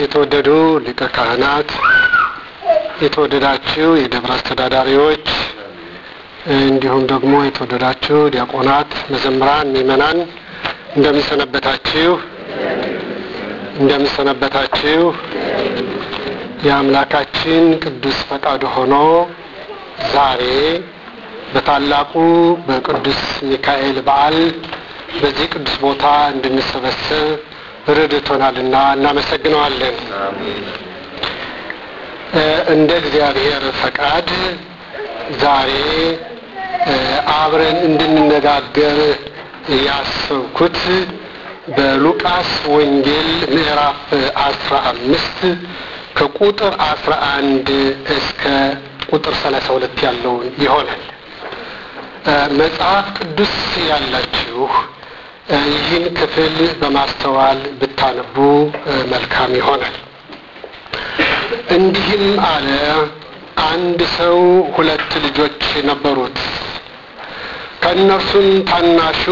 የተወደዱ ሊቀ ካህናት፣ የተወደዳችሁ የደብረ አስተዳዳሪዎች፣ እንዲሁም ደግሞ የተወደዳችሁ ዲያቆናት፣ መዘምራን፣ ምእመናን እንደምንሰነበታችሁ እንደምንሰነበታችሁ የአምላካችን ቅዱስ ፈቃድ ሆኖ ዛሬ በታላቁ በቅዱስ ሚካኤል በዓል በዚህ ቅዱስ ቦታ እንድንሰበሰብ ረድቶናልና እናመሰግነዋለን። እንደ እግዚአብሔር ፈቃድ ዛሬ አብረን እንድንነጋገር ያሰብኩት በሉቃስ ወንጌል ምዕራፍ አስራ አምስት ከቁጥር አስራ አንድ እስከ ቁጥር ሰላሳ ሁለት ያለውን ይሆናል። መጽሐፍ ቅዱስ ያላችሁ ይህን ክፍል በማስተዋል ብታነቡ መልካም ይሆናል። እንዲህም አለ። አንድ ሰው ሁለት ልጆች ነበሩት። ከእነርሱም ታናሹ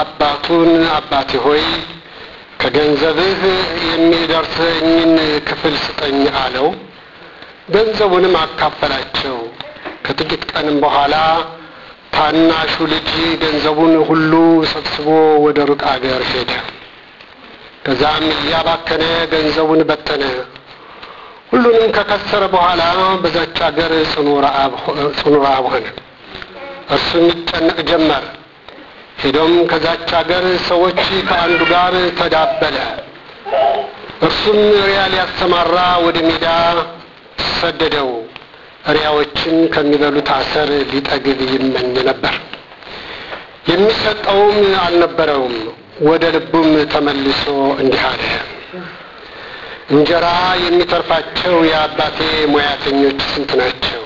አባቱን አባቴ ሆይ ከገንዘብህ የሚደርሰኝን ክፍል ስጠኝ አለው። ገንዘቡንም አካፈላቸው። ከጥቂት ቀንም በኋላ ታናሹ ልጅ ገንዘቡን ሁሉ ሰብስቦ ወደ ሩቅ አገር ሄደ። ከዛም እያባከነ ገንዘቡን በተነ። ሁሉንም ከከሰረ በኋላ በዛች አገር ጽኑ ረዓብ ሆነ። እርሱም ይጨነቅ ጀመር። ሄዶም ከዛች አገር ሰዎች ከአንዱ ጋር ተዳበለ። እርሱም ሪያል ያሰማራ ወደ ሜዳ ሰደደው። እሪያዎችን ከሚበሉት አሰር ሊጠግብ ይመኝ ነበር። የሚሰጠውም አልነበረውም። ወደ ልቡም ተመልሶ እንዲህ አለ፣ እንጀራ የሚተርፋቸው የአባቴ ሙያተኞች ስንት ናቸው?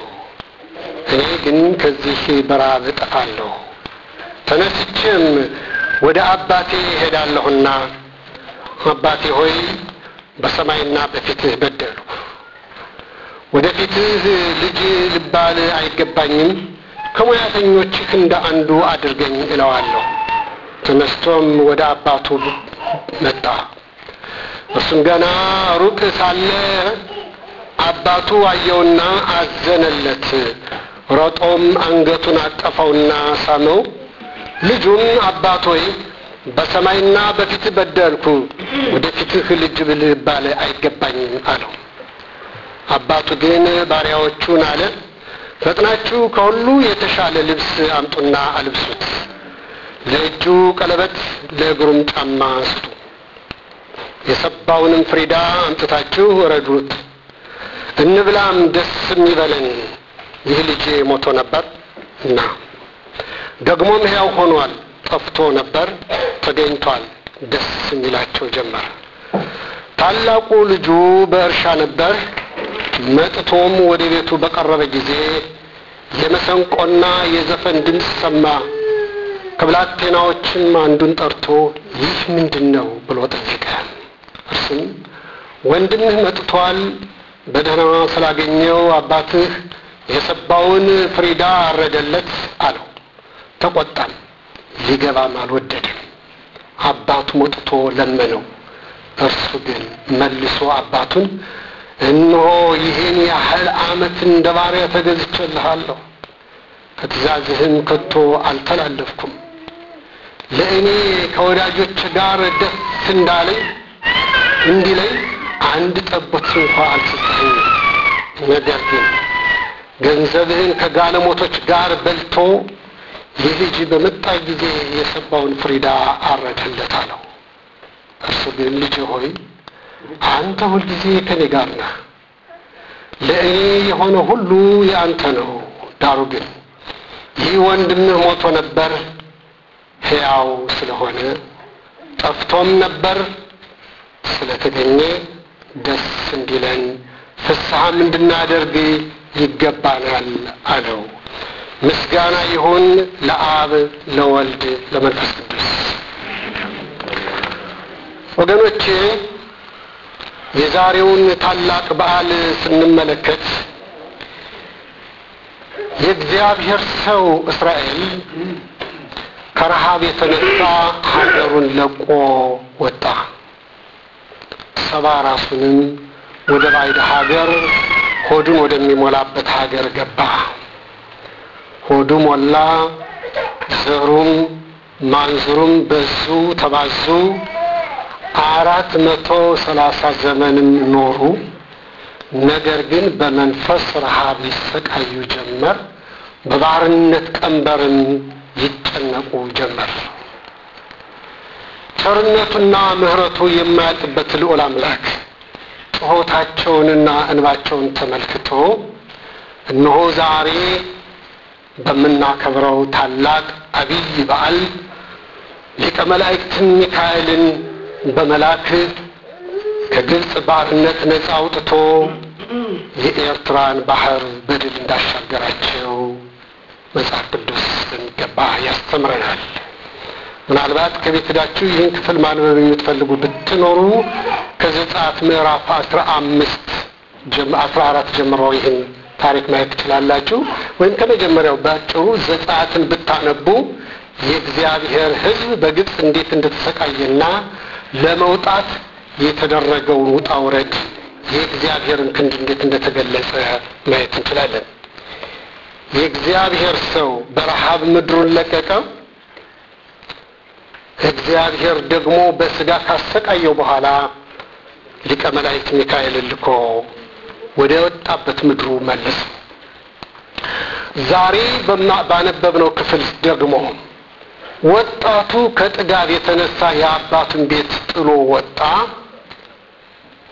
እኔ ግን ከዚህ በረሃብ እጠፋለሁ። ተነስቼም ወደ አባቴ እሄዳለሁና አባቴ ሆይ በሰማይና በፊትህ በደሉ ወደፊትህ ልጅ ልባል አይገባኝም ከሙያተኞችህ እንደ አንዱ አድርገኝ እለዋለሁ። ተነስቶም ወደ አባቱ መጣ። እርሱም ገና ሩቅ ሳለ አባቱ አየውና አዘነለት። ሮጦም አንገቱን አቀፈውና ሳመው። ልጁን አባት ሆይ በሰማይና በፊት በደልኩ፣ ወደ ፊትህ ልጅ ልባል አይገባኝም አለው። አባቱ ግን ባሪያዎቹን አለ፣ ፈጥናችሁ ከሁሉ የተሻለ ልብስ አምጡና አልብሱት፣ ለእጁ ቀለበት፣ ለእግሩም ጫማ ስጡ፣ የሰባውንም ፍሪዳ አምጥታችሁ እረዱት፣ እንብላም ደስም ይበለን፣ ይህ ልጄ ሞቶ ነበር እና ደግሞም ሕያው ሆኗል፣ ጠፍቶ ነበር ተገኝቷል፣ ደስ ይላቸው ጀመር። ታላቁ ልጁ በእርሻ ነበር። መጥቶም ወደ ቤቱ በቀረበ ጊዜ የመሰንቆና የዘፈን ድምፅ ሰማ። ከብላቴናዎችም አንዱን ጠርቶ ይህ ምንድን ነው ብሎ ጠየቀ። እርሱም ወንድምህ መጥቷል፣ በደህና ስላገኘው አባትህ የሰባውን ፍሪዳ አረደለት አለው። ተቆጣም፣ ሊገባም አልወደድም። አባቱ ወጥቶ ለመነው። እርሱ ግን መልሶ አባቱን እነሆ ይህን ያህል ዓመት እንደ ባሪያ ተገዝቼልሃለሁ፣ ከትእዛዝህም ከቶ አልተላለፍኩም። ለእኔ ከወዳጆች ጋር ደስ እንዳለኝ እንዲለኝ አንድ ጠቦት እንኳ አልሰጠኝ። ነገር ግን ገንዘብህን ከጋለሞቶች ጋር በልቶ ይህ በመጣ ጊዜ የሰባውን ፍሪዳ አረድህለት አለው። እርሱ ግን ልጅ ሆይ አንተ ሁልጊዜ ከኔ ጋር ነህ። ለእኔ የሆነ ሁሉ የአንተ ነው። ዳሩ ግን ይህ ወንድምህ ሞቶ ነበር፣ ሕያው ስለሆነ ጠፍቶም ነበር ስለተገኘ ደስ እንዲለን ፍስሐም እንድናደርግ ይገባናል አለው። ምስጋና ይሁን ለአብ ለወልድ ለመንፈስ ቅዱስ። ወገኖቼ የዛሬውን ታላቅ በዓል ስንመለከት የእግዚአብሔር ሰው እስራኤል ከረሃብ የተነሳ ሀገሩን ለቆ ወጣ። ሰባ ራሱንም ወደ ባዕድ ሀገር ሆዱን ወደሚሞላበት ሀገር ገባ። ሆዱ ሞላ፣ ዘሩም ማንዝሩም በዙ፣ ተባዙ። አራት መቶ ሰላሳ ዘመንም ኖሩ። ነገር ግን በመንፈስ ረሃብ ይሰቃዩ ጀመር፣ በባርነት ቀንበርም ይጨነቁ ጀመር። ቸርነቱና ምሕረቱ የማያልቅበት ልዑል አምላክ ጩኸታቸውንና እንባቸውን ተመልክቶ እነሆ ዛሬ በምናከብረው ታላቅ አብይ በዓል ሊቀ መላእክትን ሚካኤልን በመላክ ከግብፅ ባርነት ነፃ አውጥቶ የኤርትራን ባህር በድል እንዳሻገራቸው መጽሐፍ ቅዱስ እንገባ ያስተምረናል። ምናልባት ከቤት ሄዳችሁ ይህን ክፍል ማንበብ የምትፈልጉ ብትኖሩ ከዘጸአት ምዕራፍ አስራ አምስት አስራ አራት ጀምሮ ይህን ታሪክ ማየት ትችላላችሁ። ወይም ከመጀመሪያው በአጭሩ ዘጸአትን ብታነቡ የእግዚአብሔር ሕዝብ በግብፅ እንዴት እንደተሰቃየና ለመውጣት የተደረገውን ውጣ ውረድ የእግዚአብሔርን ክንድ እንዴት እንደተገለጸ ማየት እንችላለን። የእግዚአብሔር ሰው በረሃብ ምድሩን ለቀቀ። እግዚአብሔር ደግሞ በስጋ ካሰቃየው በኋላ ሊቀ መላእክት ሚካኤል ልኮ ወደ ወጣበት ምድሩ መልስ። ዛሬ ባነበብነው ክፍል ደግሞ ወጣቱ ከጥጋብ የተነሳ የአባቱን ቤት ጥሎ ወጣ።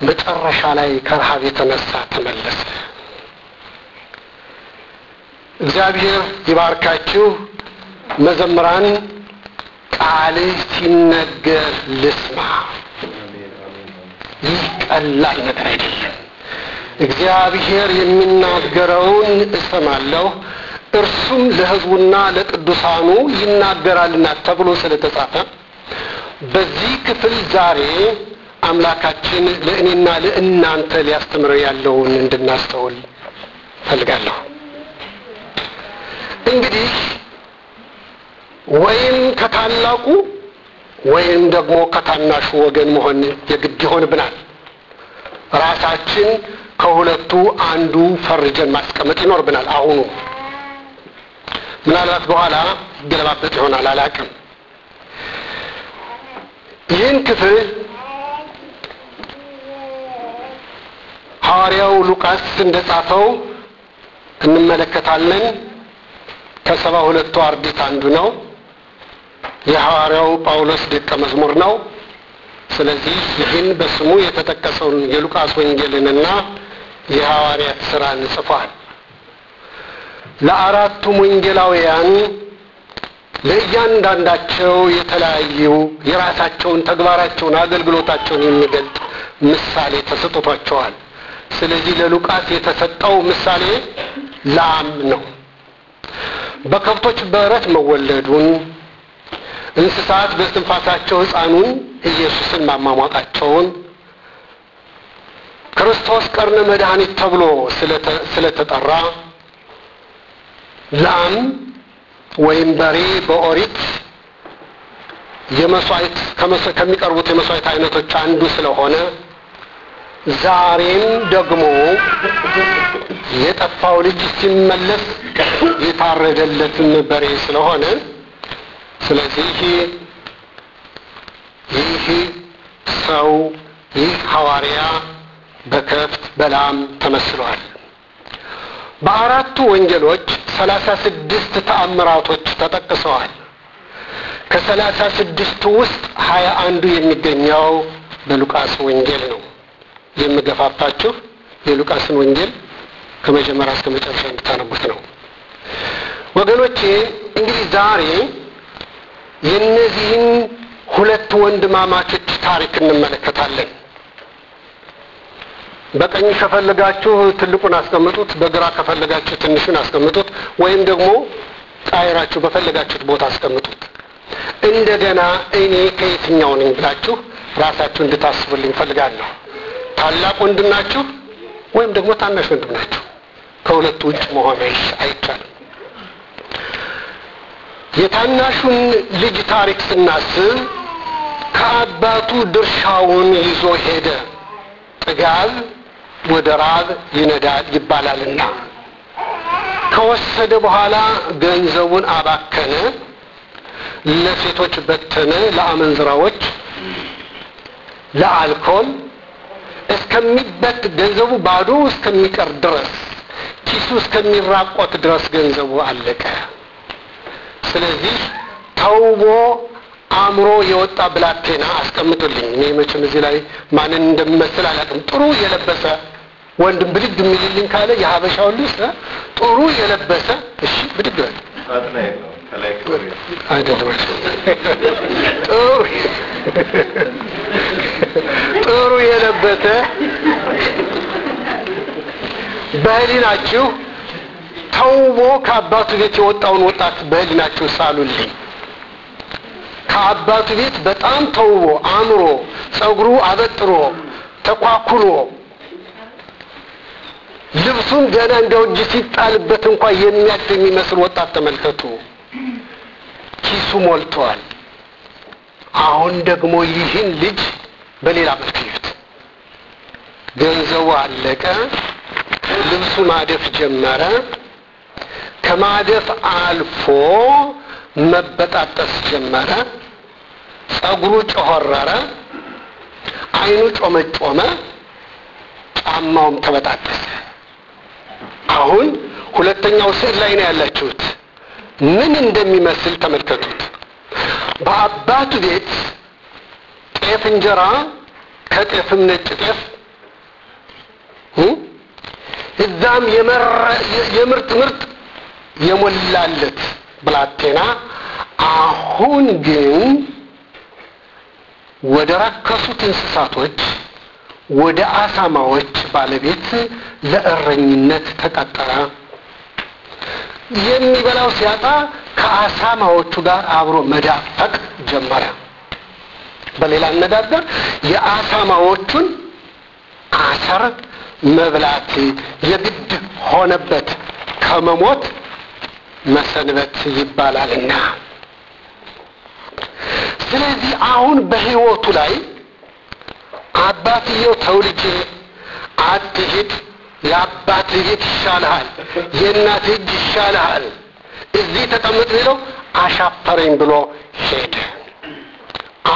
መጨረሻ ላይ ከረሃብ የተነሳ ተመለሰ። እግዚአብሔር ይባርካችሁ። መዘምራን ቃልህ ሲነገር ልስማ። ይህ ቀላል ነገር አይደለም። እግዚአብሔር የሚናገረውን እሰማለሁ። እርሱም ለህዝቡና ለቅዱሳኑ ይናገራልና ተብሎ ስለተጻፈ በዚህ ክፍል ዛሬ አምላካችን ለእኔና ለእናንተ ሊያስተምረው ያለውን እንድናስተውል ፈልጋለሁ። እንግዲህ ወይም ከታላቁ ወይም ደግሞ ከታናሹ ወገን መሆን የግድ ይሆንብናል። ራሳችን ከሁለቱ አንዱ ፈርጀን ማስቀመጥ ይኖርብናል። አሁኑ ምናልባት በኋላ ገለባበት ይሆናል አላቅም ይህን ክፍል ሐዋርያው ሉቃስ ጻፈው እንመለከታለን ከሰባ ሁለቱ አርድእት አንዱ ነው የሐዋርያው ጳውሎስ ደቀ መዝሙር ነው ስለዚህ ይህን በስሙ የተጠቀሰውን የሉቃስ ወንጌልንና የሐዋርያት ሥራን ጽፏል ለአራቱም ወንጌላውያን ለእያንዳንዳቸው የተለያዩ የራሳቸውን ተግባራቸውን፣ አገልግሎታቸውን የሚገልጥ ምሳሌ ተሰጥቷቸዋል። ስለዚህ ለሉቃስ የተሰጠው ምሳሌ ላም ነው። በከብቶች በረት መወለዱን፣ እንስሳት በስትንፋሳቸው ሕፃኑን ኢየሱስን ማሟሟቃቸውን ክርስቶስ ቀርነ መድኃኒት ተብሎ ስለተጠራ ላም ወይም በሬ በኦሪት የመስዋዕት ከሚቀርቡት የመስዋዕት አይነቶች አንዱ ስለሆነ ዛሬም ደግሞ የጠፋው ልጅ ሲመለስ የታረደለትን በሬ ስለሆነ ስለዚህ ይህ ሰው ይህ ሐዋርያ በከፍት በላም ተመስሏል። በአራቱ ወንጀሎች ሰላሳ ስድስት ተአምራቶች ተጠቅሰዋል። ከሰላሳ ስድስቱ ውስጥ ሀያ አንዱ የሚገኘው በሉቃስ ወንጌል ነው። የምገፋፋችሁ የሉቃስን ወንጌል ከመጀመሪያ እስከ መጨረሻ እንድታነቡት ነው። ወገኖቼ እንግዲህ ዛሬ የእነዚህን ሁለት ወንድማማቾች ታሪክ እንመለከታለን። በቀኝ ከፈለጋችሁ ትልቁን አስቀምጡት፣ በግራ ከፈለጋችሁ ትንሹን አስቀምጡት፣ ወይም ደግሞ ጣይራችሁ በፈለጋችሁት ቦታ አስቀምጡት። እንደገና እኔ ከየትኛው ነኝ ብላችሁ ራሳችሁ እንድታስቡልኝ ፈልጋለሁ። ታላቅ ወንድም ናችሁ ወይም ደግሞ ታናሽ ወንድም ናችሁ። ከሁለቱ ውጭ መሆን አይቻልም። የታናሹን ልጅ ታሪክ ስናስብ ከአባቱ ድርሻውን ይዞ ሄደ። ጥጋብ ወደ ራብ ይነዳል ይባላልና ከወሰደ በኋላ ገንዘቡን አባከነ፣ ለሴቶች በተነ፣ ለአመንዝራዎች፣ ለአልኮል እስከሚበት ገንዘቡ ባዶ እስከሚቀር ድረስ ኪሱ እስከሚራቆት ድረስ ገንዘቡ አለቀ። ስለዚህ ተውቦ አእምሮ የወጣ ብላቴና አስቀምጡልኝ። እኔ መቼም እዚህ ላይ ማንን እንደምመስል አላቅም ጥሩ የለበሰ ወንድም ብድግ የሚልልኝ ካለ የሀበሻውን ልብስ ጥሩ የለበሰ እሺ፣ ብድግ ነው አይደለም ጥሩ የለበሰ በህሊናችሁ ተውቦ ከአባቱ ቤት የወጣውን ወጣት በህሊናችሁ ሳሉልኝ። ከአባቱ ቤት በጣም ተውቦ አምሮ ጸጉሩ አበጥሮ ተኳኩሎ ልብሱን ገና እንደው እጅ ሲጣልበት እንኳ የሚያድፍ የሚመስል ወጣት ተመልከቱ። ኪሱ ሞልተዋል። አሁን ደግሞ ይህን ልጅ በሌላ መልክ ገንዘቡ አለቀ፣ ልብሱ ማደፍ ጀመረ። ከማደፍ አልፎ መበጣጠስ ጀመረ። ጸጉሩ ጨሆረረ፣ አይኑ ጮመጮመ፣ ጫማውም ተበጣጠሰ። አሁን ሁለተኛው ስዕል ላይ ነው ያላችሁት። ምን እንደሚመስል ተመልከቱት። በአባቱ ቤት ጤፍ እንጀራ ከጤፍም ነጭ ጤፍ እዛም የምርጥ ምርጥ የሞላለት ብላቴና አሁን ግን ወደ ረከሱት እንስሳቶች ወደ አሳማዎች ባለቤት ለእረኝነት ተቀጠረ። የሚበላው ሲያጣ ከአሳማዎቹ ጋር አብሮ መዳፈቅ ጀመረ። በሌላ አነጋገር የአሳማዎቹን አሰር መብላት የግድ ሆነበት ከመሞት መሰንበት ይባላልና። ስለዚህ አሁን በህይወቱ ላይ አባትየው ተውልጅ አትሂድ፣ የአባት ቤት ይሻልሃል፣ የእናት እጅ ይሻልሃል፣ እዚህ ተቀመጥ ቢለው አሻፈረኝ ብሎ ሄደ።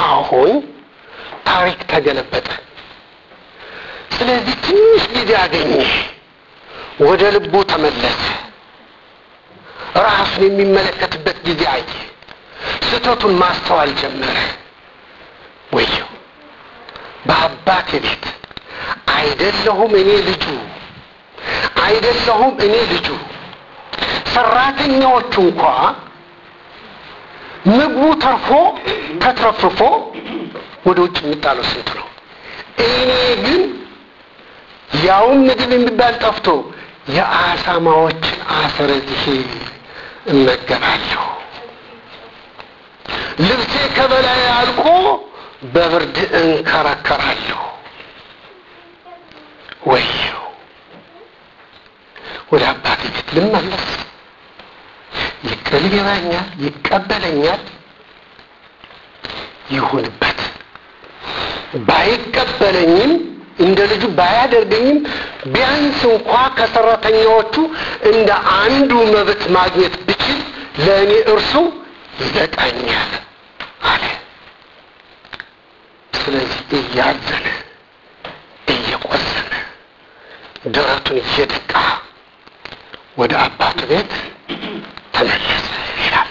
አሁን ታሪክ ተገለበጠ። ስለዚህ ትንሽ ጊዜ አገኘ። ወደ ልቡ ተመለሰ። ራሱን የሚመለከትበት ጊዜ አየ። ስህተቱን ማስተዋል ጀመረ። ወየው በአባቴ ቤት አይደለሁም እኔ ልጁ አይደለሁም እኔ ልጁ ሰራተኛዎቹ እንኳ ምግቡ ተርፎ ተትረፍርፎ ወደ ውጭ የሚጣለው ስንት ነው እኔ ግን ያውም ምግብ የሚባል ጠፍቶ የአሳማዎችን አሰር ይሄ እመገባለሁ ልብሴ ከበላይ አልቆ በብርድ እንከራከራለሁ ወዮ ወደ አባቴ ፊት ልመለስ ይቅር ይለኛል ይቀበለኛል ይሁንበት ባይቀበለኝም እንደ ልጁ ባያደርገኝም ቢያንስ እንኳ ከሰራተኛዎቹ እንደ አንዱ መብት ማግኘት ብችል ለእኔ እርሱ ይበቃኛል አለ ስለዚህ እያዘነ እየቆዘነ ደረቱን እየደቃ ወደ አባቱ ቤት ተመለሰ ይላል።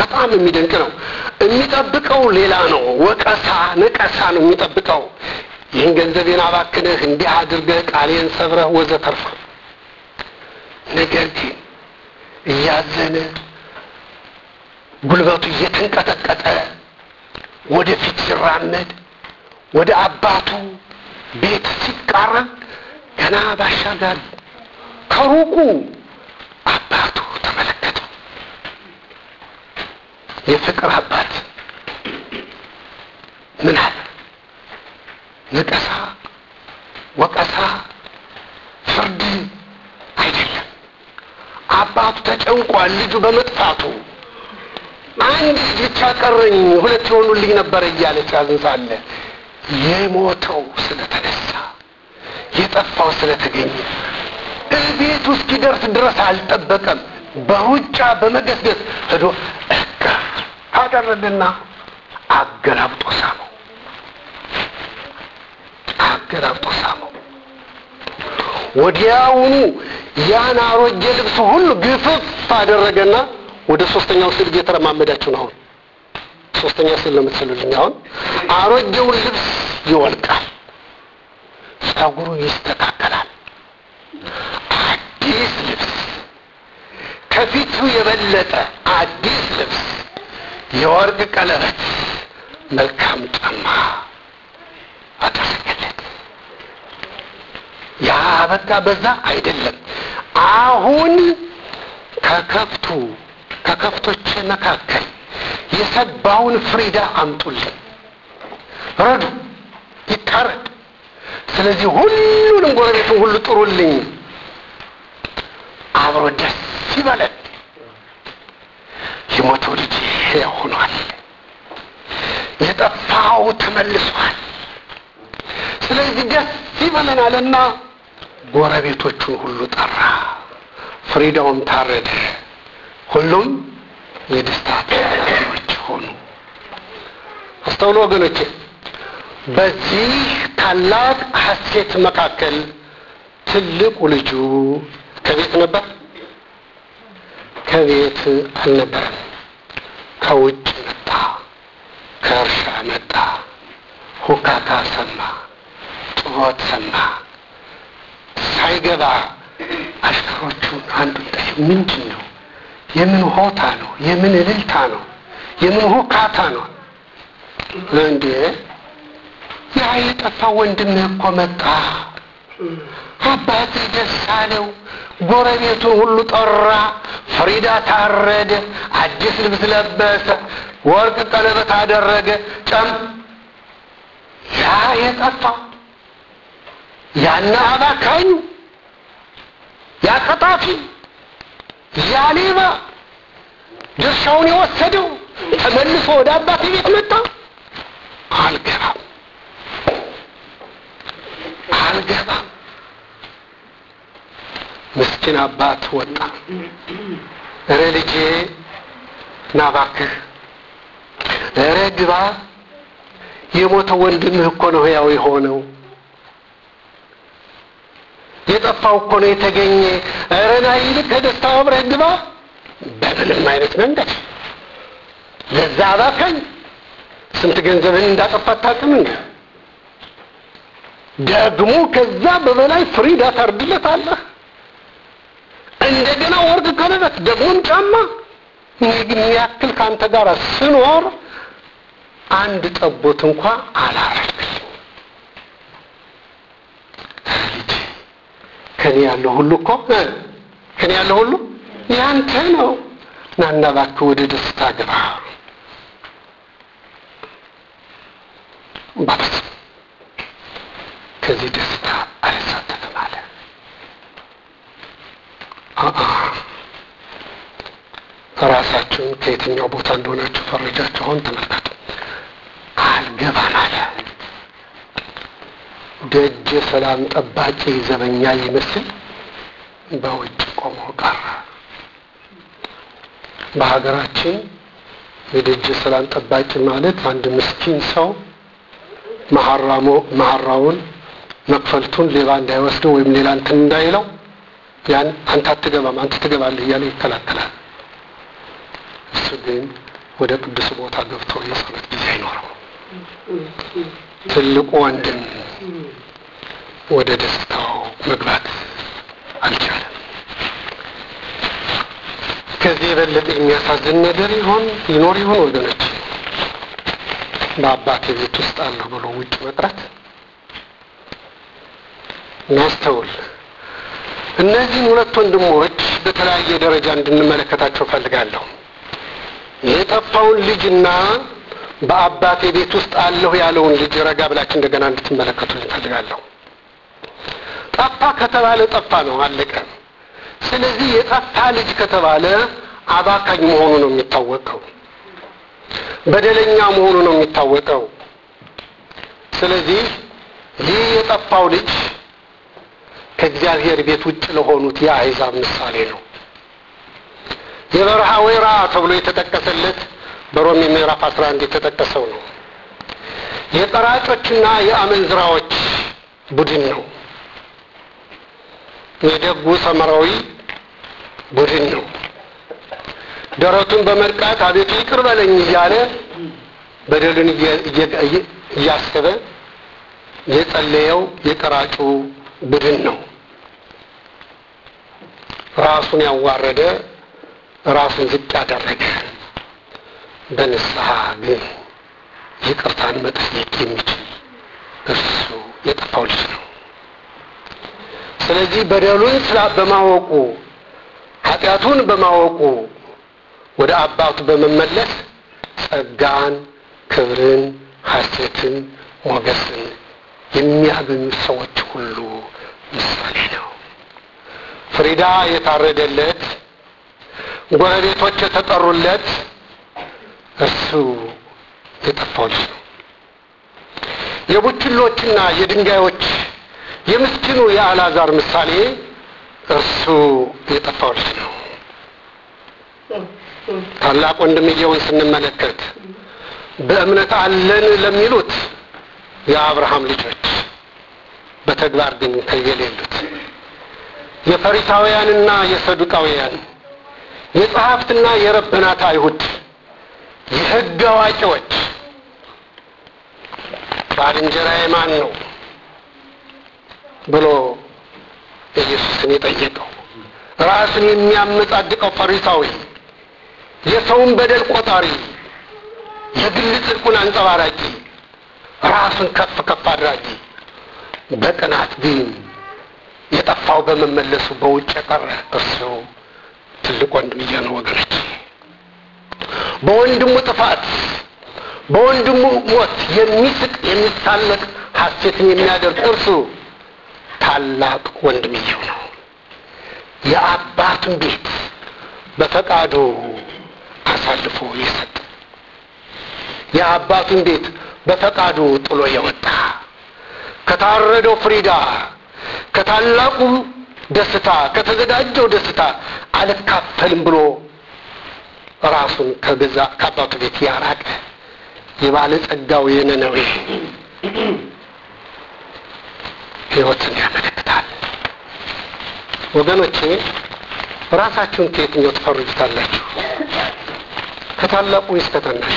በጣም የሚደንቅ ነው። የሚጠብቀው ሌላ ነው። ወቀሳ፣ ነቀሳ ነው የሚጠብቀው። ይህን ገንዘቤን አባክነህ እንዲህ አድርገህ ቃሌን ሰብረህ ወዘተርፈ። ነገር ግን እያዘነ ጉልበቱ እየተንቀጠቀጠ ወደፊት ሲራመድ ወደ አባቱ ቤት ሲቃረብ ገና ባሻጋሪ ከሩቁ አባቱ ተመለከተ የፍቅር አባት ምን አለ? ንቀሳ፣ ወቀሳ፣ ፍርድ አይደለም። አባቱ ተጨንቋል ልጁ በመጥፋቱ ቁርባኔን ብቻ ቀረኝ ሁለት የሆኑልኝ ነበር እያለች አዝን ሳለ የሞተው ስለተነሳ የጠፋው ስለተገኘ እቤቱ እስኪደርስ ድረስ አልጠበቀም። በውጫ በመገስገስ ሄዶ እጋ አደረገና አገላብጦ ሳመው። አገላብጦ ሳመው። ወዲያውኑ ያን አሮጌ ልብስ ሁሉ ግፍፍ አደረገና ወደ ሶስተኛው ስዕል እየተረማመዳችሁ ነው። አሁን ሶስተኛው ስዕል ነው የምትስሉልኝ። አሁን አሮጌውን ልብስ ይወልቃል፣ ጸጉሩ ይስተካከላል። አዲስ ልብስ ከፊቱ የበለጠ አዲስ ልብስ፣ የወርቅ ቀለበት፣ መልካም ጫማ አደረገለት። ያ በቃ በዛ አይደለም አሁን ከከብቱ ከከፍቶች መካከል የሰባውን ፍሪዳ አምጡልኝ፣ ረዱ፣ ይታረድ። ስለዚህ ሁሉንም ጎረቤቱ ሁሉ ጥሩልኝ፣ አብሮ ደስ ይበለን። የሞተው ልጅ ሆኗል፣ የጠፋው ተመልሷል። ስለዚህ ደስ ይበለን አለና ጎረቤቶቹን ሁሉ ጠራ፣ ፍሪዳውም ታረደ። ሁሉም የደስታ ተካፋዮች ሆኑ። አስተውሎ ወገኖች በዚህ ታላቅ ሐሴት መካከል ትልቁ ልጁ ከቤት ነበር? ከቤት አልነበረም። ከውጭ መጣ፣ ከእርሻ መጣ፣ ሁካካ ሰማ፣ ጩኸት ሰማ። ሳይገባ አሽከሮቹን አንዱን ምንድን ነው የምን ሆታ ነው? የምን እልልታ ነው? የምን ሆካታ ነው? እንዴ ያ የጠፋው ወንድም እኮ መጣ፣ አባትህ ደስ አለው፣ ጎረቤቱን ሁሉ ጠራ፣ ፍሪዳ ታረደ፣ አዲስ ልብስ ለበሰ፣ ወርቅ ቀለበት አደረገ። ጨም ያ የጠፋው ያና አባካኙ ያ ቀጣፊ ያ ሌባ ድርሻውን የወሰደው ተመልሶ ወደ አባቴ ቤት መጣ። አልገባም አልገባም። ምስኪን አባት ወጣ። እረ ልጄ ና እረ ግባ፣ የሞተ ወንድምህ እኮ ነው ሕያው የሆነው የጠፋው እኮ ነው የተገኘ። እረ ና ይልቅ ከደስታ አብረህ ግባ ምንም አይነት መንገድ ለዛ አባከን ስንት ገንዘብን እንዳጠፋ አታውቅም እንዴ? ደግሞ ከዛ በበላይ ፍሪ አርድለት አለ እንደገና ወርቅ ቀለበት፣ ደግሞም ጫማ። የሚያክል ከአንተ ጋር ስኖር አንድ ጠቦት እንኳ አላረክልኝ። ከኔ ያለው ሁሉ እኮ ከኔ ያለው ሁሉ ያንተ ነው። ናና ባክ ወደ ደስታ ግባ ባስ ከዚህ ደስታ አልሳተፍም አለ ራሳችሁን ከየትኛው ቦታ እንደሆናችሁ ፈረጃችሁ አሁን ተመልከቱ አልገባም አለ ደጀ ሰላም ጠባቂ ዘበኛ ይመስል በውጭ ቆሞ ቀረ በሀገራችን የደጀ ሰላም ጠባቂ ማለት አንድ ምስኪን ሰው መሀራውን መክፈልቱን ሌባ እንዳይወስደው ወይም ሌላ እንትን እንዳይለው ያን አንተ አትገባም አንተ ትገባለህ እያለ ይከላከላል። እሱ ግን ወደ ቅዱስ ቦታ ገብቶ የጸሎት ጊዜ አይኖረው። ትልቁ ወንድም ወደ ደስታው መግባት አልቻለም። ከዚህ የበለጠ የሚያሳዝን ነገር ይሆን ይኖር ይሆን ወገኖች? በአባቴ ቤት ውስጥ አለሁ ብሎ ውጭ መቅረት ናስተውል። እነዚህን ሁለት ወንድሞች በተለያየ ደረጃ እንድንመለከታቸው ፈልጋለሁ። የጠፋውን ልጅና በአባቴ ቤት ውስጥ አለሁ ያለውን ልጅ ረጋ ብላችሁ እንደገና እንድትመለከቱ እንፈልጋለሁ። ጠፋ ከተባለ ጠፋ ነው፣ አለቀ። ስለዚህ የጠፋ ልጅ ከተባለ አባካኝ መሆኑ ነው የሚታወቀው በደለኛ መሆኑ ነው የሚታወቀው ስለዚህ ይህ የጠፋው ልጅ ከእግዚአብሔር ቤት ውጭ ለሆኑት የአይዛብ ምሳሌ ነው የበረሃ ወይራ ተብሎ የተጠቀሰለት በሮሚ ምዕራፍ 11 የተጠቀሰው ነው የጠራጮችና የአመንዝራዎች ቡድን ነው የደጉ ሰመራዊ ቡድን ነው። ደረቱን በመልቃት አቤቱ ይቅር በለኝ እያለ በደልን እያሰበ የጸለየው የቀራጩ ቡድን ነው። ራሱን ያዋረደ ራሱን ዝቅ ያደረገ በንስሐ ግን ይቅርታን መጠየቅ የሚችል እሱ የጠፋው ልጅ ነው። ስለዚህ በደሉን በማወቁ ኃጢአቱን በማወቁ ወደ አባቱ በመመለስ ጸጋን፣ ክብርን፣ ሀሴትን ሞገስን የሚያገኙት ሰዎች ሁሉ ምሳሌ ነው። ፍሪዳ የታረደለት፣ ጎረቤቶች የተጠሩለት እሱ የጠፋው ልጅ ነው። የቡችሎችና የድንጋዮች የምስኪኑ የአልዓዛር ምሳሌ እርሱ የጠፋው ልጅ ነው። ታላቅ ወንድምየውን ስንመለከት በእምነት አለን ለሚሉት የአብርሃም ልጆች በተግባር ግን ከየሌሉት የፈሪሳውያንና የሰዱቃውያን የጸሐፍትና የረብናት አይሁድ የሕግ አዋቂዎች ባልንጀራዬ ማን ነው ብሎ ኢየሱስን የጠየቀው ራስን የሚያመጻድቀው ፈሪሳዊ የሰውን በደል ቆጣሪ የግል ጽድቁን አንጸባራቂ ራሱን ከፍ ከፍ አድራጊ በቅናት ግን የጠፋው በመመለሱ በውጭ የቀረ እርሱ ትልቅ ወንድምዬ ነው ወገኖች በወንድሙ ጥፋት በወንድሙ ሞት የሚስቅ የሚሳለቅ ሀሴትን የሚያደርግ እርሱ ታላቅ ወንድምየው ነው። የአባቱን ቤት በፈቃዱ አሳልፎ የሰጠ የአባቱን ቤት በፈቃዱ ጥሎ የወጣ ከታረደው ፍሪዳ ከታላቁ ደስታ ከተዘጋጀው ደስታ አልካፈልም ብሎ ራሱን ከገዛ ከአባቱ ቤት ያራቀ የባለጸጋው የነነዌ ህይወትን ያመለክታል ወገኖቼ ራሳችሁን ከየትኛው ትፈርጁታላችሁ ከታላቁ ወይስ ከታናሹ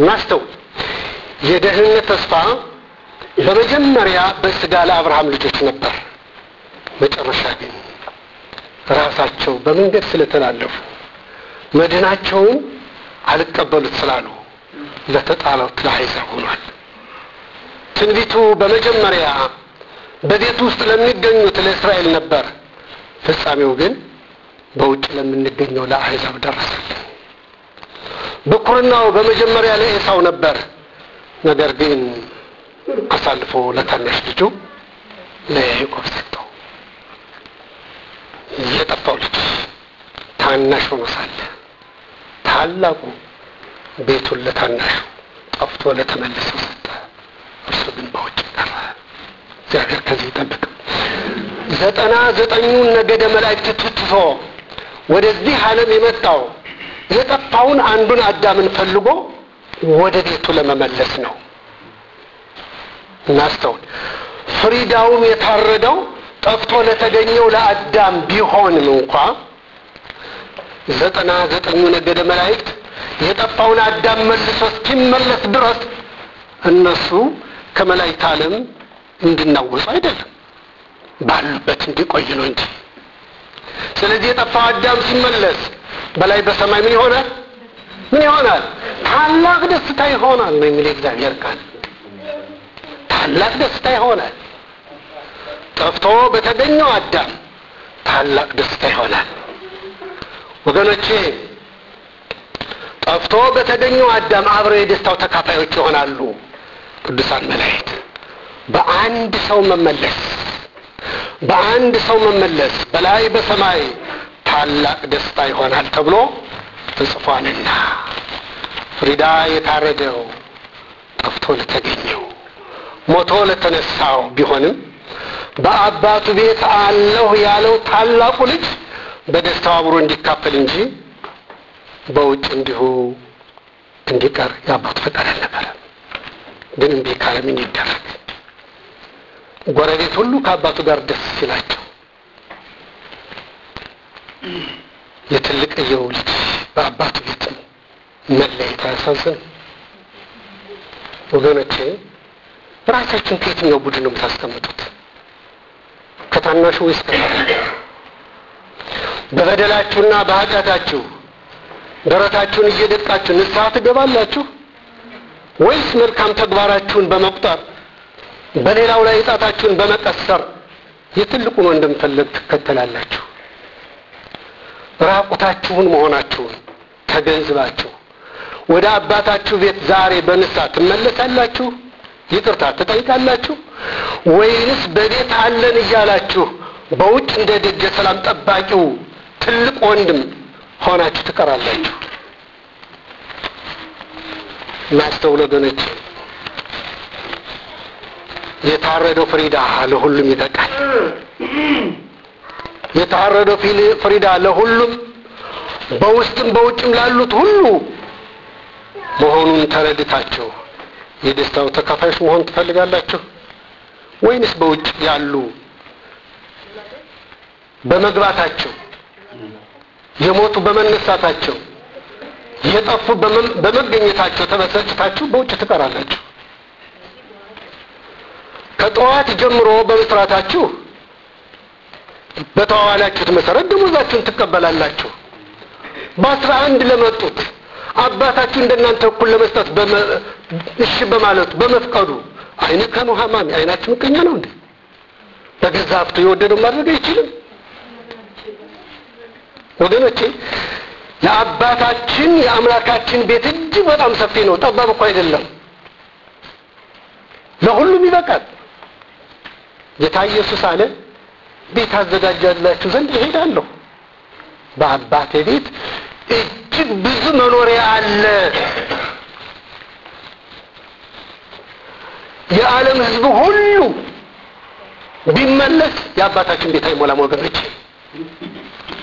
እናስተው የደህንነት ተስፋ በመጀመሪያ በስጋ ለአብርሃም ልጆች ነበር መጨረሻ ግን ራሳቸው በመንገድ ስለተላለፉ መድናቸውን አልቀበሉት ስላሉ ለተጣሉት ለአሕዛብ ሆኗል ትንቢቱ በመጀመሪያ በቤት ውስጥ ለሚገኙት ለእስራኤል ነበር። ፍጻሜው ግን በውጭ ለምንገኘው ለአሕዛብ ደረሰልን። ብኩርናው በመጀመሪያ ለኤሳው ነበር። ነገር ግን አሳልፎ ለታናሽ ልጁ ለያዕቆብ ሰጠው። የጠፋው ልጅ ታናሽ ሆኖ ሳለ ታላቁ ቤቱን ለታናሹ ጠፍቶ ለተመለሰው ሰጠ። እሱ ግን በውጭ ቀረ። እግዚአብሔር ከዚህ ይጠብቅ። ዘጠና ዘጠኙን ነገደ መላእክት ትቶ ወደዚህ ዓለም የመጣው የጠፋውን አንዱን አዳምን ፈልጎ ወደ ቤቱ ለመመለስ ነው። እናስተውል። ፍሪዳውም የታረደው ጠፍቶ ለተገኘው ለአዳም ቢሆንም እንኳ ዘጠና ዘጠኙ ነገደ መላእክት የጠፋውን አዳም መልሶ እስኪመለስ ድረስ እነሱ ከመላእክት ዓለም እንድናወሱ አይደለም ባሉበት እንዲቆይ ነው እንጂ ስለዚህ የጠፋው አዳም ሲመለስ በላይ በሰማይ ምን ይሆናል ምን ይሆናል ታላቅ ደስታ ይሆናል ነው የሚል እግዚአብሔር ቃል ታላቅ ደስታ ይሆናል ጠፍቶ በተገኘው አዳም ታላቅ ደስታ ይሆናል ወገኖቼ ጠፍቶ በተገኘው አዳም አብረው የደስታው ተካፋዮች ይሆናሉ ቅዱሳን መላእክት በአንድ ሰው መመለስ በአንድ ሰው መመለስ በላይ በሰማይ ታላቅ ደስታ ይሆናል ተብሎ ተጽፏልና ፍሪዳ የታረደው ጠፍቶ ለተገኘው ሞቶ ለተነሳው ቢሆንም በአባቱ ቤት አለሁ ያለው ታላቁ ልጅ በደስታው አብሮ እንዲካፈል እንጂ በውጭ እንዲሁ እንዲቀር የአባቱ ፈቃድ አልነበረም። ግን እምቢ ካለ ምን ይደረግ? ጎረቤት ሁሉ ከአባቱ ጋር ደስ ሲላቸው የትልቅየው ልጅ በአባቱ ቤት መለየት አያሳዝን? ወገኖቼ ራሳችን ከየትኛው ቡድን ነው የምታስቀምጡት? ከታናሹ ወይስ ከታላቁ? በበደላችሁና በኃጢአታችሁ ደረታችሁን እየደቃችሁ ንስሐ ትገባላችሁ? ወይስ መልካም ተግባራችሁን በመቁጠር በሌላው ላይ እጣታችሁን በመቀሰር የትልቁን ወንድም ፈለግ ትከተላላችሁ? ራቁታችሁን መሆናችሁን ተገንዝባችሁ ወደ አባታችሁ ቤት ዛሬ በንስሐ ትመለሳላችሁ? ይቅርታ ትጠይቃላችሁ? ወይንስ በቤት አለን እያላችሁ በውጭ እንደ ደጀ ሰላም ጠባቂው ትልቅ ወንድም ሆናችሁ ትቀራላችሁ? እናስተውል ወገኖች። የታረደው ፍሪዳ ለሁሉም ይጠቃል። የታረደው ፍሪዳ ለሁሉም በውስጥም በውጭም ላሉት ሁሉ መሆኑን ተረድታችሁ የደስታው ተካፋዮች መሆን ትፈልጋላችሁ ወይንስ በውጭ ያሉ በመግባታቸው የሞቱ በመነሳታቸው የጠፉ በመገኘታቸው ተበሳጭታችሁ በውጭ ትቀራላችሁ። ከጠዋት ጀምሮ በመስራታችሁ በተዋዋላችሁት መሰረት ደሞዛችሁን ትቀበላላችሁ። በአስራ አንድ ለመጡት አባታችሁ እንደናንተ እኩል ለመስጠት እሺ በማለቱ በመፍቀዱ አይነ ከመሃማሚ አይናችሁ ምቀኛ ነው እንዴ? በገዛ ሀብቱ የወደደው ማድረግ አይችልም ወገኖቼ። ለአባታችን የአምላካችን ቤት እጅግ በጣም ሰፊ ነው። ጠባብ እኮ አይደለም፣ ለሁሉም ይበቃል። ጌታ ኢየሱስ አለ ቤት አዘጋጃላችሁ ዘንድ እሄዳለሁ፣ በአባቴ ቤት እጅግ ብዙ መኖሪያ አለ። የዓለም ሕዝብ ሁሉ ቢመለስ የአባታችን ቤት አይሞላም። ወገኖች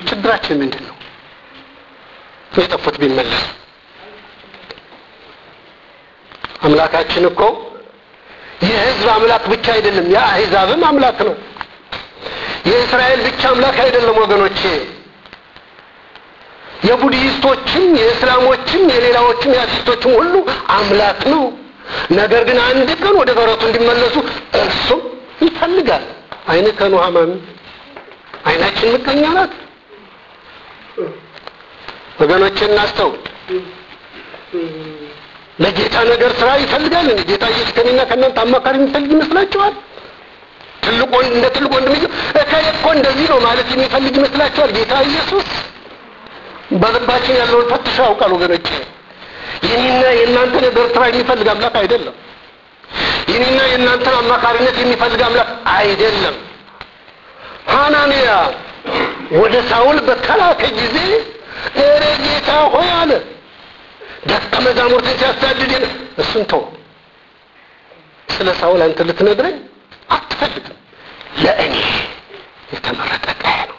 ችግራችን ምንድን ነው? የጠፉት ቢመለሱ አምላካችን እኮ የህዝብ አምላክ ብቻ አይደለም የአህዛብም አምላክ ነው የእስራኤል ብቻ አምላክ አይደለም ወገኖቼ የቡድሂስቶችም የእስላሞችም የሌላዎችም የአቲስቶችም ሁሉ አምላክ ነው ነገር ግን አንድ ቀን ወደ በረቱ እንዲመለሱ እርሱም ይፈልጋል አይነ ከኑ አይናችን ምቀኛ ናት ወገኖች እናስተውል። ለጌታ ነገር ስራ ይፈልጋል። ጌታ ኢየሱስ ከኔና ከእናንተ አማካሪ የሚፈልግ ይመስላችኋል? ትልቁ እንደ ትልቅ ወንድም እከሌ እኮ እንደዚህ ነው ማለት የሚፈልግ ይመስላችኋል? ጌታ ኢየሱስ በልባችን ያለውን ፈትሾ ያውቃል። ወገኖች የኔና የእናንተ ነገር ስራ የሚፈልግ አምላክ አይደለም። የኔና የእናንተን አማካሪነት የሚፈልግ አምላክ አይደለም። ሃናንያ ወደ ሳውል በተላከ ጊዜ እኔ ጌታ ሆይ አለ ደቀ መዛሙርትን ሲያሳድድ እሱን ተው ስለ ሳውል አንተ ልትነግረኝ አትፈልግም ለእኔ የተመረጠ ቃያ ነው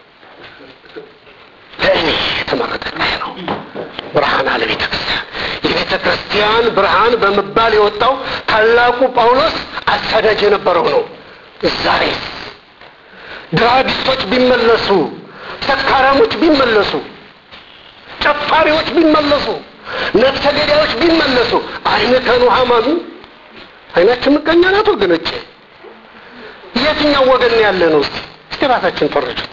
ለእኔ የተመረጠ ቃያ ነው ብርሃን አለ ቤተ ክርስቲያን የቤተ ክርስቲያን ብርሃን በመባል የወጣው ታላቁ ጳውሎስ አሳዳጅ የነበረው ነው ዛሬ ድራዲስቶች ቢመለሱ ሰካራሞች ቢመለሱ ጨፋሪዎች ቢመለሱ፣ ነፍሰ ገዳዮች ቢመለሱ አይነ ከኑ ሀማሚ አይናችን ምቀኛ ናት ወገኖቼ። የትኛው ወገን ነው ያለ ነው? እስቲ እስቲ ራሳችን ፈርጁት።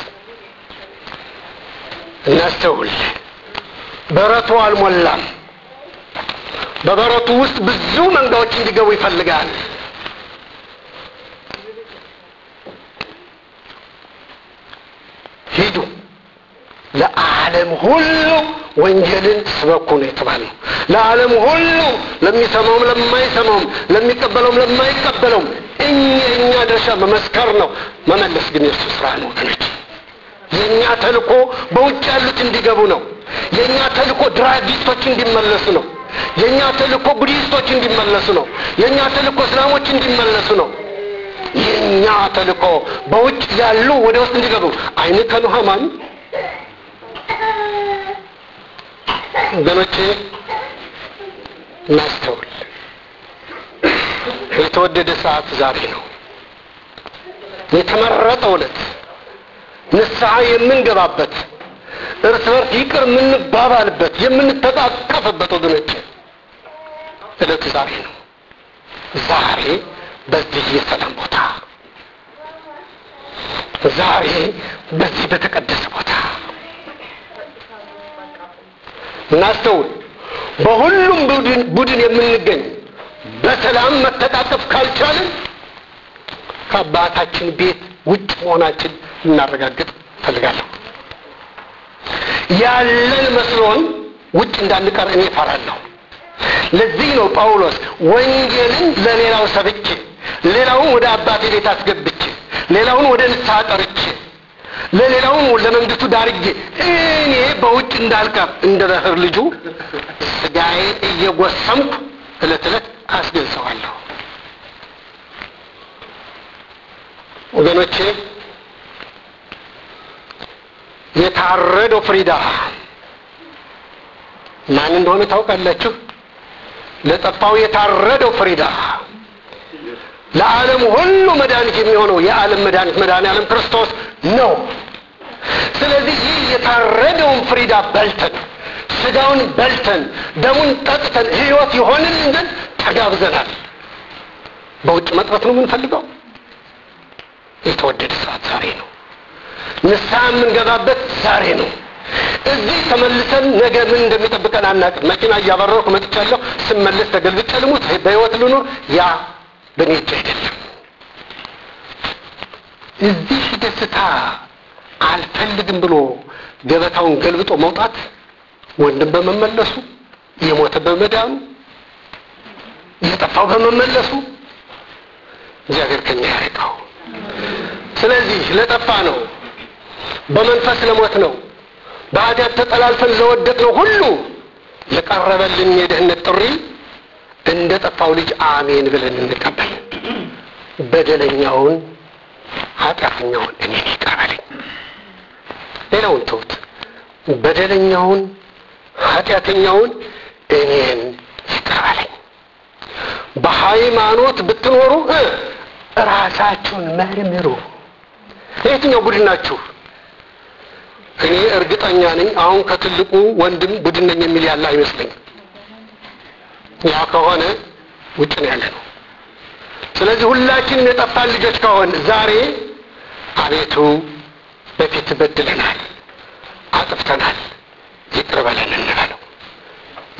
እናስተውል። በረቱ አልሞላም። በበረቱ ውስጥ ብዙ መንጋዎች እንዲገቡ ይፈልጋል። ሂዱ ለዓለም ሁሉ ወንጀልን ስበኩ ነው የተባለው። ለዓለም ሁሉ ለሚሰማውም፣ ለማይሰማውም፣ ለሚቀበለውም፣ ለማይቀበለውም እኛ ድርሻ መመስከር ነው። መመለስ ግን የእርሱ ስራ ነው ወገኖች። የእኛ ተልኮ በውጭ ያሉት እንዲገቡ ነው። የእኛ ተልኮ ድራጊስቶች እንዲመለሱ ነው። የእኛ ተልኮ ቡዲስቶች እንዲመለሱ ነው። የእኛ ተልኮ እስላሞች እንዲመለሱ ነው። የእኛ ተልኮ በውጭ ያሉ ወደ ውስጥ እንዲገቡ አይን ከኑሃማን ወገኖች እናስተውል። የተወደደ ሰዓት ዛሬ ነው። የተመረጠው ዕለት ንስሐ የምንገባበት እርስ በርስ ይቅር የምንባባልበት የምንተቃቀፍበት ወገኖች ዕለቱ ዛሬ ነው። ዛሬ በዚህ የሰላም ቦታ ዛሬ በዚህ በተቀደሰ ቦታ እናስተውል። በሁሉም ቡድን የምንገኝ በሰላም መተጣጠፍ ካልቻልን ከአባታችን ቤት ውጭ መሆናችን እናረጋግጥ እፈልጋለሁ። ያለን መስሎን ውጭ እንዳንቀር እኔ እፈራለሁ። ለዚህ ነው ጳውሎስ ወንጌልን ለሌላው ሰብቼ ሌላውን ወደ አባቴ ቤት አስገብቼ ሌላውን ወደ ንስሐ ጠርቼ ለሌላውም ለመንግስቱ ዳርጌ እኔ በውጭ እንዳልቀር እንደ ረህር ልጁ ስጋዬ እየጎሰምኩ እለት እለት አስገልጸዋለሁ። ወገኖቼ የታረደው ፍሪዳ ማን እንደሆነ ታውቃላችሁ? ለጠፋው የታረደው ፍሪዳ ለዓለም ሁሉ መድኃኒት የሚሆነው የዓለም መድኃኒት መድኃኒ ዓለም ክርስቶስ ነው። ስለዚህ ይህ የታረደውን ፍሪዳ በልተን ስጋውን በልተን ደሙን ጠጥተን ህይወት ይሆንልን ተጋብዘናል። በውጭ መጥረት ነው የምንፈልገው? የተወደደ ሰዓት ዛሬ ነው። ንስሐ የምንገባበት ዛሬ ነው። እዚህ ተመልሰን ነገ ምን እንደሚጠብቀን አናውቅም። መኪና እያበረርኩ መጥቻለሁ። ስመለስ ተገልብጬ ልሙት፣ በህይወት ልኑር፣ ያ በኔ እጅ አይደለም። እዚህ ደስታ አልፈልግም ብሎ ገበታውን ገልብጦ መውጣት ወንድም በመመለሱ የሞተ በመዳኑ የጠፋው በመመለሱ እግዚአብሔር ከኛ ያርቀው። ስለዚህ ለጠፋ ነው፣ በመንፈስ ለሞት ነው፣ በኃጢአት ተጠላልፈን ለወደቅ ነው ሁሉ የቀረበልን የደህንነት ጥሪ እንደ ጠፋው ልጅ አሜን ብለን እንቀበል። በደለኛውን ኃጢአተኛውን እኔ ይቅር በለኝ። ሌላውን ተውት። በደለኛውን ኃጢአተኛውን እኔን ይቅር በለኝ። በሃይማኖት ብትኖሩ ራሳችሁን መርምሩ። የትኛው ቡድን ናችሁ? እኔ እርግጠኛ ነኝ አሁን ከትልቁ ወንድም ቡድን ነኝ የሚል ያለ አይመስለኝም። ያ ከሆነ ውጭ ነው ያለ ነው። ስለዚህ ሁላችንም የጠፋን ልጆች ከሆን ዛሬ አቤቱ በፊት በድለናል፣ አጥፍተናል፣ ይቅር በለን እንበለው።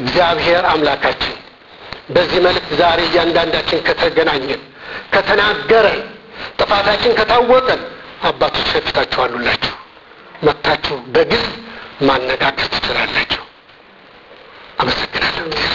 እግዚአብሔር አምላካችን በዚህ መልእክት ዛሬ እያንዳንዳችን ከተገናኘን፣ ከተናገረን፣ ጥፋታችን ከታወቀን አባቶች ከፊታችሁ አሉላችሁ። መጥታችሁ በግልጽ ማነጋገር ትችላላችሁ። አመሰግናለሁ።